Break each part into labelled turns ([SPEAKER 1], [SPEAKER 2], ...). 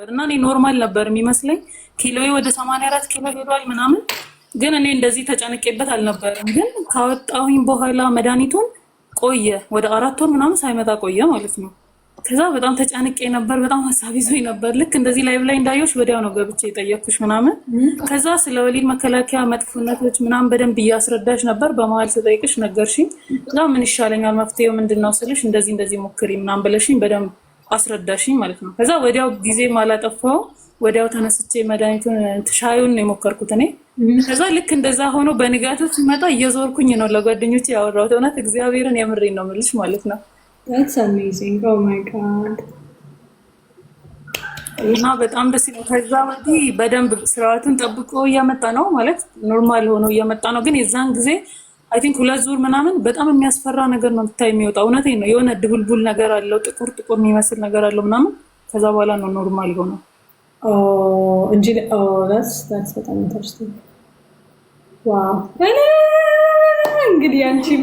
[SPEAKER 1] ነበር እና እኔ ኖርማል ነበር የሚመስለኝ። ኪሎዬ ወደ 84 ኪሎ ሄዷል ምናምን፣ ግን እኔ እንደዚህ ተጨንቄበት አልነበረም። ግን ካወጣሁኝ በኋላ መድኃኒቱን ቆየ ወደ አራት ወር ምናምን ሳይመጣ ቆየ ማለት ነው። ከዛ በጣም ተጨንቄ ነበር። በጣም ሀሳብ ይዞኝ ነበር። ልክ እንደዚህ ላይቭ ላይ እንዳየሁሽ ወዲያው ነው ገብቼ የጠየኩሽ ምናምን። ከዛ ስለ ወሊድ መከላከያ መጥፎነቶች ምናምን በደንብ እያስረዳሽ ነበር። በመሀል ስጠይቅሽ ነገርሽኝ። ምን ይሻለኛል መፍትሄው ምንድን ነው ስልሽ እንደዚህ እንደዚህ ሞክሪ ምናምን ብለሽኝ በደንብ አስረዳሽኝ ማለት ነው። ከዛ ወዲያው ጊዜ ማላጠፋው ወዲያው ተነስቼ መድኃኒቱን ሻዩን ነው የሞከርኩት እኔ። ከዛ ልክ እንደዛ ሆኖ በንጋቱ ሲመጣ እየዞርኩኝ ነው ለጓደኞቼ ያወራሁት። እውነት እግዚአብሔርን የምሬን ነው የምልሽ
[SPEAKER 2] ማለት ነው። oh
[SPEAKER 1] እና በጣም ደስ ይላል። ከዛ ወዲህ በደንብ ስርዓቱን ጠብቆ እያመጣ ነው ማለት ኖርማል ሆኖ እያመጣ ነው። ግን የዛን ጊዜ አይ ቲንክ ሁለት ዙር ምናምን በጣም የሚያስፈራ ነገር ነው ብታይ የሚወጣ እውነት ነው። የሆነ ድቡልቡል ነገር አለው፣ ጥቁር ጥቁር የሚመስል ነገር አለው ምናምን። ከዛ በኋላ ነው ኖርማል
[SPEAKER 2] የሆነው እንጂ በጣም ኢንተርስቲንግ ዋው። እንግዲህ አንቺም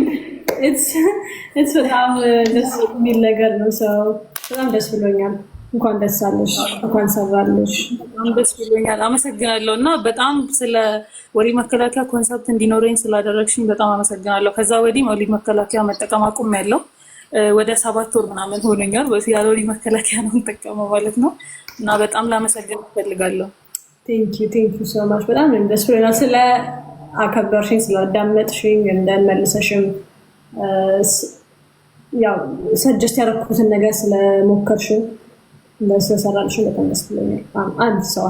[SPEAKER 2] በጣም ደስ የሚል ነገር ነው። ሰው በጣም ደስ ብሎኛል። እንኳን ደስ አለሽ፣ እንኳን ሰራለሽ።
[SPEAKER 1] በጣም ደስ ብሎኛል። አመሰግናለሁ እና በጣም ስለ ወሊድ መከላከያ ኮንሰፕት እንዲኖረኝ ስላደረግሽኝ በጣም አመሰግናለሁ። ከዛ ወዲህ ወሊድ መከላከያ መጠቀም አቁም ያለው ወደ ሰባት ወር ምናምን ሆነኛል። ሆኖኛል። ያለ ወሊድ መከላከያ ነው የምጠቀመው ማለት ነው እና በጣም ላመሰግን እፈልጋለሁ።
[SPEAKER 2] ቴንኪው ቴንኪው ሶማች በጣም ደስ ብሎኛል። ስለ አከበርሽኝ፣ ስላዳመጥሽኝ እንደመልሰሽም ያው ሰጀስት ያደረኩትን ነገር ስለሞከርሽው እንደሱ የሰራልሽ በጣም ደስ ብሎኛል። በጣም አንድ ሰው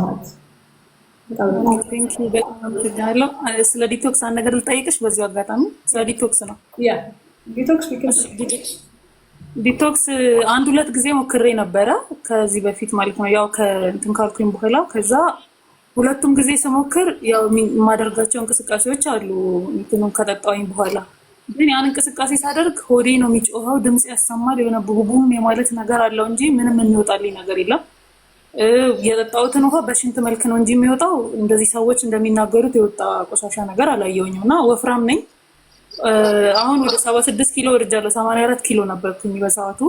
[SPEAKER 1] ስለ ዲቶክስ አንድ ነገር ልጠይቅሽ በዚሁ አጋጣሚ። ስለ ዲቶክስ ነው ዲቶክስ አንድ ሁለት ጊዜ ሞክሬ ነበረ ከዚህ በፊት ማለት ነው። ያው ከእንትን ካልኩኝ በኋላ ከዛ ሁለቱም ጊዜ ስሞክር ያው የማደርጋቸው እንቅስቃሴዎች አሉ እንትኑን በኋላ ግን ያን እንቅስቃሴ ሳደርግ ሆዴ ነው የሚጮኸው፣ ድምፅ ያሰማል። የሆነ ቡቡም የማለት ነገር አለው እንጂ ምንም የሚወጣልኝ ነገር የለም። የጠጣሁትን ውሃ በሽንት መልክ ነው እንጂ የሚወጣው እንደዚህ ሰዎች እንደሚናገሩት የወጣ ቆሻሻ ነገር አላየሁኝም። እና ወፍራም ነኝ። አሁን ወደ ሰባ ስድስት ኪሎ ወርጃለሁ። ሰማንያ አራት ኪሎ ነበርኩኝ በሰዓቱ።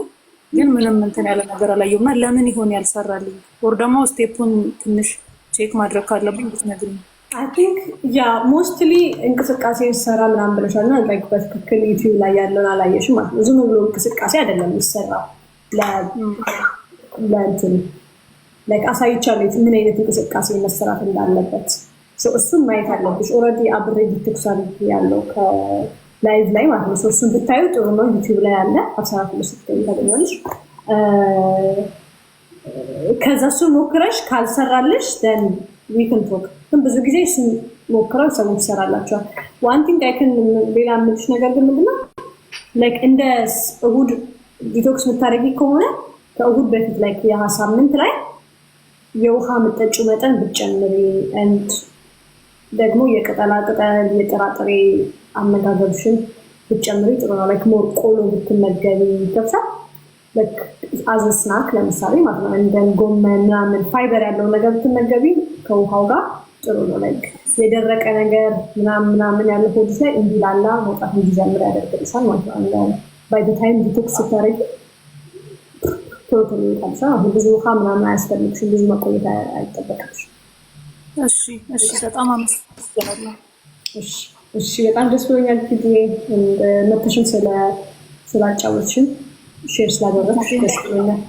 [SPEAKER 1] ግን ምንም እንትን ያለ ነገር አላየሁም። እና ለምን ይሆን ያልሰራልኝ? ወር ደግሞ ስቴፑን ትንሽ ቼክ ማድረግ ካለብኝ ብትነግሪኝ አይ ቲንክ
[SPEAKER 2] ያ ሞስትሊ እንቅስቃሴ ሰራ ምናምን ብለሻል እና ላይክ በትክክል ዩቲዩብ ላይ ያለውን አላየሽ ማለት ነው። ዝም ብሎ እንቅስቃሴ አይደለም የሚሰራው ለእንትን ላይክ አሳይቻለሁ ምን አይነት እንቅስቃሴ መሰራት እንዳለበት እሱን ማየት አለብሽ። ኦልሬዲ አብሬ ዲቶክሳል ያለው ከላይቭ ላይ ማለት ነው። እሱን ብታዩ ጥሩ ነው። ዩቲዩብ ላይ አለ አብሰራት ስገኝ ታገኛለሽ። ከዛ እሱን ሞክረሽ ካልሰራለሽ ን ዊክን ቶክ ግን ብዙ ጊዜ ስም ሞክረው ሰዎች ይሰራላቸዋል። ዋንቲንግ አይክን ሌላ የምልሽ ነገር ግን ምንድነው ላይክ እንደ እሁድ ዲቶክስ የምታደርጊ ከሆነ ከእሁድ በፊት ላይ የሀ ሳምንት ላይ የውሃ ምጠጩ መጠን ብትጨምሪ እንድ ደግሞ የቅጠላቅጠል የጥራጥሬ አመጋገብሽን ብትጨምሪ ጥሩ ነው። ላይክ ሞር ቆሎ ብትመገቢ ይገብሳል። አዘ ስናክ ለምሳሌ ማለት ነው እንደ ጎመን ምናምን ፋይበር ያለው ነገር ብትመገቢ ከውሃው ጋር ጥሩ ነው። የደረቀ ነገር ምናምን ምናምን ያለ ሆድሽ ላይ እንዲላላ መውጣት እንዲጀምር ያደርግልሻል ማለት ነው። ባይ ዘ ታይም ዲቶክስ ስታደርጊ ፕሮቲን ይወጣልሻል። አሁን ብዙ ውሃ ምናምን አያስፈልግሽም። ብዙ መቆየት አይጠበቅብሽም።
[SPEAKER 1] እሺ፣ እሺ፣ በጣም
[SPEAKER 2] አመሰግናለሁ። እሺ፣ እሺ፣ በጣም ደስ ብሎኛል። ጊዜ uh, መተሽም ስለ ስላጫወትሽን ሼር ስላደረግሽ ደስ ብሎኛል።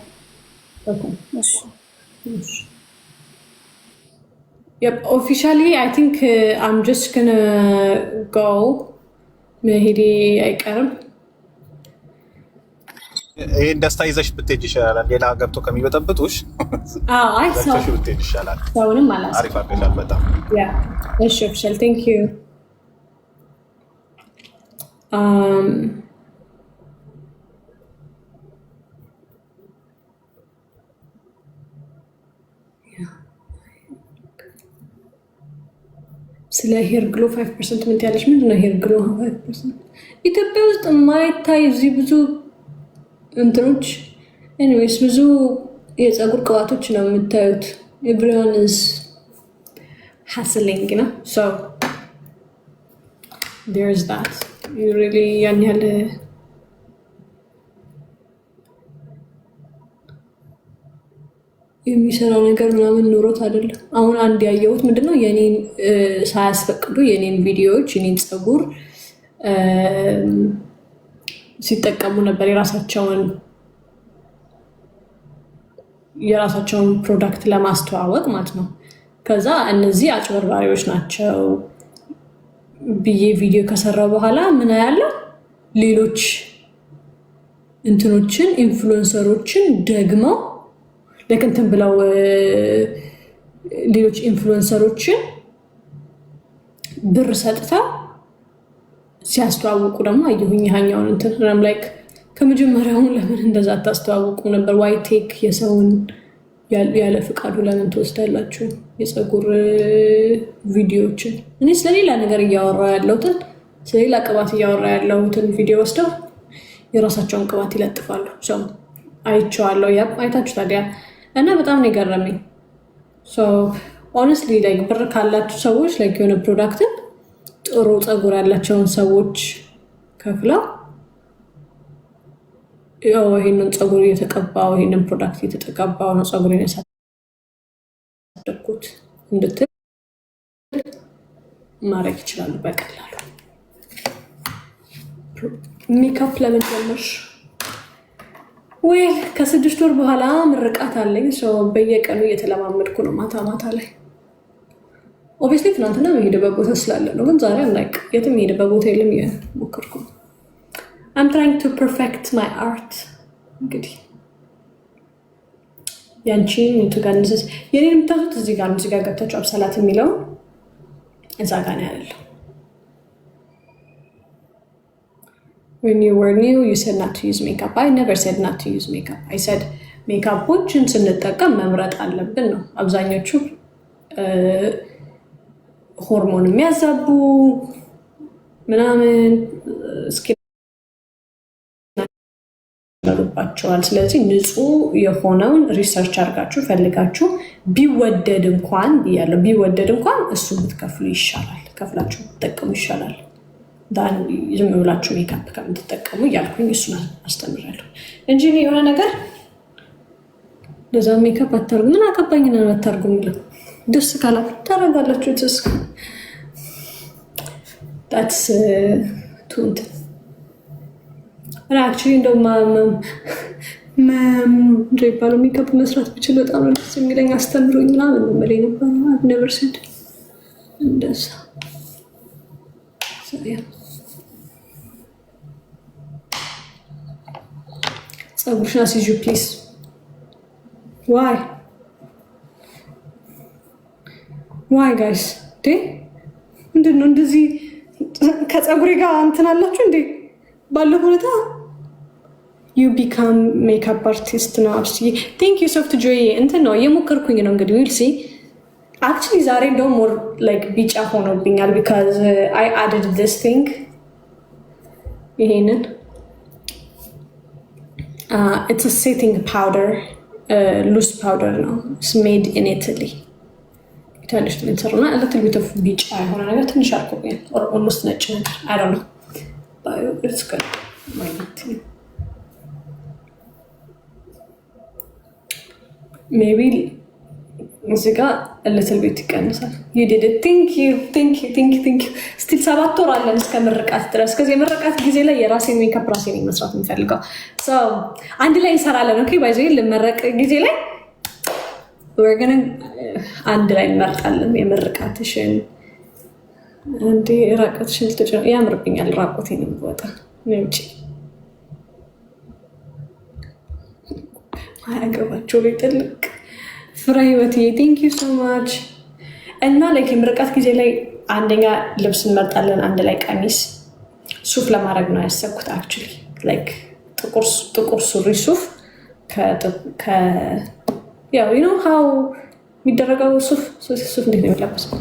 [SPEAKER 1] እሺ፣ እሺ
[SPEAKER 2] ኦፊሻሊ አይ ቲንክ አም ጀስት ግነ ጎው መሄዴ አይቀርም።
[SPEAKER 3] ይህን ደስታ ይዘሽ ብትሄድ ይሻላል። ሌላ ገብቶ ከሚበጠብጡሽ
[SPEAKER 2] ብትሄድ ይሻላል።
[SPEAKER 3] ሰውንም አሪፍ አድርገሻል። በጣም
[SPEAKER 2] እሺ። ኦፊሻል ቴንክ ዩ ስለ ሄር ግሎ ፋይቭ ፐርሰንት ምንት ያለች ምንድን ነው ሄር ግሎ ፋይቭ ፐርሰንት? ኢትዮጵያ ውስጥ ማይታይ እዚህ ብዙ እንትኖች ኤኒዌይስ ብዙ የፀጉር ቅባቶች ነው የምታዩት። ኤቭሪዋንስ ሀስሊንግ ነው ሶ ያን ያለ የሚሰራው ነገር ምናምን ኖሮት አይደለም። አሁን አንድ ያየሁት ምንድነው የኔን ሳያስፈቅዱ የኔን ቪዲዮዎች የኔን ፀጉር ሲጠቀሙ ነበር። የራሳቸውን የራሳቸውን ፕሮዳክት ለማስተዋወቅ ማለት ነው። ከዛ እነዚህ አጭበርባሪዎች ናቸው ብዬ ቪዲዮ ከሰራው በኋላ ምን ያለው ሌሎች እንትኖችን ኢንፍሉዌንሰሮችን ደግመው በቅንትን ብለው ሌሎች ኢንፍሉዌንሰሮችን ብር ሰጥታ ሲያስተዋውቁ ደግሞ አየሁኝ። ያኛውን እንትንም ላይክ ከመጀመሪያውን ለምን እንደዛ አታስተዋውቁም ነበር? ዋይ ቴክ የሰውን ያለ ፍቃዱ ለምን ትወስዳላችሁ? የፀጉር ቪዲዮዎችን እኔ ስለሌላ ነገር እያወራ ያለሁትን ስለሌላ ቅባት እያወራ ያለሁትን ቪዲዮ ወስደው የራሳቸውን ቅባት ይለጥፋሉ። ሰው አይቼዋለሁ። ያ አይታችሁ ታዲያ እና በጣም ነው የገረመኝ። ኦነስትሊ ብር ካላችሁ ሰዎች የሆነ ፕሮዳክትን ጥሩ ፀጉር ያላቸውን ሰዎች ከፍለው ይህንን ፀጉር እየተቀባው ይህንን ፕሮዳክት እየተጠቀባው ነው ፀጉር ያሳደግኩት እንድትል ማድረግ ይችላሉ በቀላሉ። ሜካፕ ለምን ጀመርሽ? ወይ ከስድስት ወር በኋላ ምርቃት አለኝ። ሰው በየቀኑ እየተለማመድኩ ነው ማታ ማታ ላይ ኦብቪስሊ ትናንትና መሄድበት ቦታ ስላለ ነው። ግን ዛሬ ላይክ የትም መሄድበት ቦታ የለም እየሞከርኩ ነው። አም ትራይንግ ቱ ፐርፌክት ማይ አርት። እንግዲህ ያንቺን የቱጋንዘዝ የኔን የምታዙት እዚህ ጋር ነው። እዚህ ጋር ገብታችሁ አብሰላት የሚለውን እዛ ጋ ነው ያለው። when you were new you said not to use makeup i never said not to use makeup i said ሜካፖችን ስንጠቀም መምረጥ አለብን ነው። አብዛኞቹ ሆርሞን የሚያዛቡ ምናምን ይመሩባቸዋል። ስለዚህ ንጹህ የሆነውን ሪሰርች አድርጋችሁ ፈልጋችሁ ቢወደድ እንኳን ብያለሁ፣ ቢወደድ እንኳን እሱ ብትከፍሉ ይሻላል፣ ከፍላችሁ ብትጠቀሙ ይሻላል። ዝም ብላችሁ ሜካፕ ከምትጠቀሙ እያልኩኝ እሱን አስተምራለሁ እንጂ የሆነ ነገር ለዛ ሜካፕ አታርጉ ምን አቀባኝና አታርጉ የሚለው ደስ ካላችሁ ታረጋላችሁ። ስ ዳትስ ቱንት ራክቹ እንደው ምንድን የሚባለው ሜካፕ መስራት ብችል በጣም ደስ የሚለኝ አስተምሮኝ ምናምን መመለ ነበር ነበር ስድ እንደዛ ጸጉርሽን አስይዥ ፒስ ዋይ ዋይ ጋይስ እንዴ ምንድን ነው እንደዚህ ከፀጉሬ ጋር እንትን አላችሁ እንዴ ባለው ሁኔታ ዩ ቢካም ሜካፕ አርቲስት ነው አብስዬ ቴንክ ዩ ሶፍት ጆዬ እንትን ነው የሞከርኩኝ ነው እንግዲህ ሲ አክቹሊ ዛሬ ዶ ሞር ላይክ ቢጫ ሆኖብኛል ቢካዝ አይ አድድ ዲስ ቲንግ ይሄንን Uh, it's a setting powder, uh, loose powder ነው ኢትስ ሜድ ኢን ኢታሊ ኢታሊ ውስጥ የሚሰሩ እና ልትል ቤት ኦፍ ቢጫ የሆነ ነገር ትንሽ አልኩብኝ ኦልሞስት ነጭ ነገር አይ ነው ኢትስ ጉድ ማለት ነው ሜቢ እዚህ ጋ ልትል ቤት ይቀንሳል። ይደደ ስቲል ሰባት ወር አለን እስከ ምርቃት ድረስ። ከዚህ የምርቃት ጊዜ ላይ የራሴን ሜካፕ ራሴን መስራት የሚፈልገው አንድ ላይ እንሰራለን። ኦኬ ባይዘ ልመረቅ ጊዜ ላይ ግን uh, አንድ ላይ እንመርጣለን። የምርቃትሽን እንዲ ራቆትሽን ልትጭ ያምርብኛል። ራቆቴን ወጣ ምንጭ አያገባቸው ቤት ጥልቅ ፍሬ ህይወት ቴንክ ዩ ሶ ማች እና ላይክ የምርቃት ጊዜ ላይ አንደኛ ልብስ እንመርጣለን፣ አንድ ላይ ቀሚስ ሱፍ ለማድረግ ነው ያሰብኩት። አክቹዋሊ ላይክ ጥቁር ሱሪ ሱፍ ያው ዩ ሀው የሚደረገው ሱፍ ሱፍ እንዴት ነው የሚለበሰው?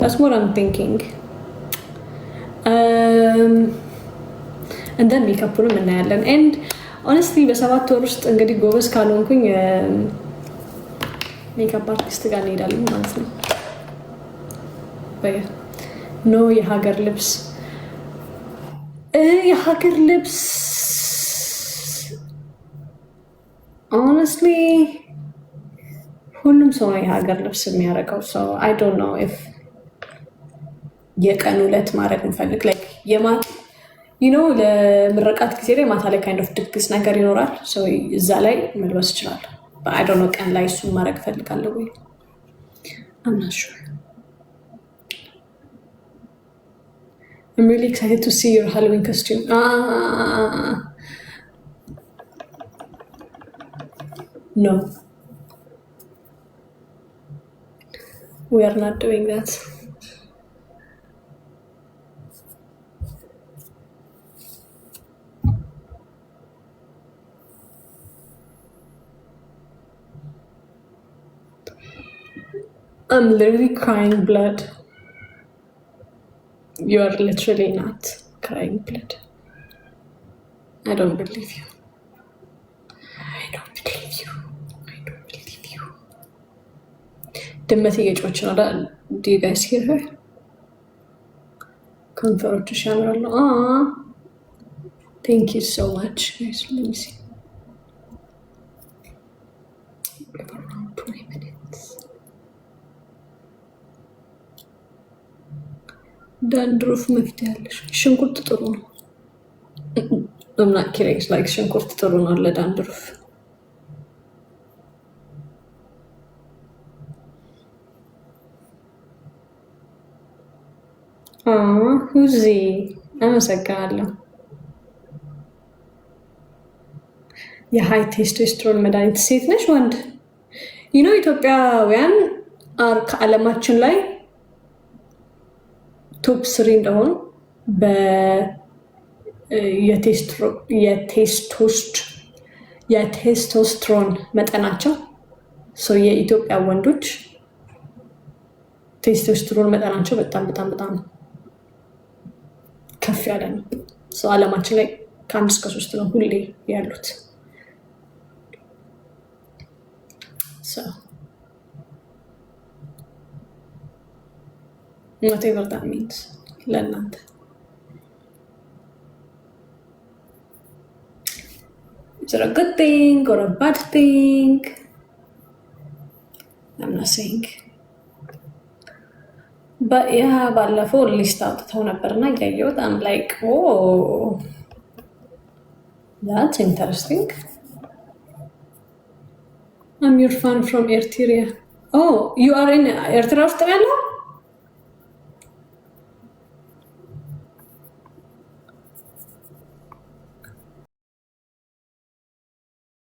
[SPEAKER 2] ታስ ሞር አም ቲንኪንግ እንደ ሜካፑንም እናያለን። ኤንድ ኦነስትሊ በሰባት ወር ውስጥ እንግዲህ ጎበዝ ካልሆንኩኝ um, ሜካፕ አርቲስት ጋር እንሄዳለን ማለት ነው። ኖ የሀገር ልብስ የሀገር ልብስ ሆነስትሊ ሁሉም ሰው ነው የሀገር ልብስ የሚያደርገው። ሰው አይ ዶንት ኖ ኢፍ የቀን ሁለት ማድረግ እንፈልግ ላይክ የማት ዩኖ ለምረቃት ጊዜ ላይ ማታ ላይ ካይንድ ኦፍ ድግስ ነገር ይኖራል። እዛ ላይ መልበስ ይችላል። አይዶኖ ቀን ላይ እሱን ማድረግ እፈልጋለሁ ወይ አምናሹ I'm really excited to see your Halloween costume. Ah. No. We are not doing that. I'm literally crying blood. You are literally not crying blood. I don't believe you. I don't believe you. I don't believe you. ድመት እየጮች ነው Do you guys hear her? to thank you so much, guys. Let me see. ዳንድሮፍ መፍትሄ ያለሽ ሽንኩርት ጥሩ ነው። ምና ላይ ሽንኩርት ጥሩ ነው ለዳንድሮፍ። ሁዚ አመሰግናለሁ። የሀይ ቴስቶስትሮን መድኃኒት ሴት ነሽ ወንድ? ይህ ነው ኢትዮጵያውያን አር ላይ ቶፕ ስሪ እንደሆኑ የቴስቶስትሮን መጠናቸው የኢትዮጵያ ወንዶች ቴስቶስትሮን መጠናቸው በጣም በጣም በጣም ከፍ ያለ ነው። አለማችን ላይ ከአንድ እስከ ሶስት ነው ሁሌ ያሉት። ወቴቨር ዳት ሚንስ ለእናንተ ስለ ጉድ ቲንግ ኦር ባድ ቲንግ ምናሴንግ ያ ባለፈው ሊስት አውጥተው ነበር እና እያየሁት አም ላይክ ዛትስ ኢንተረስቲንግ አም ዩር ፋን ፍሮም ኤርትሪያ ዩ አር ኤርትራ ውስጥ ያለው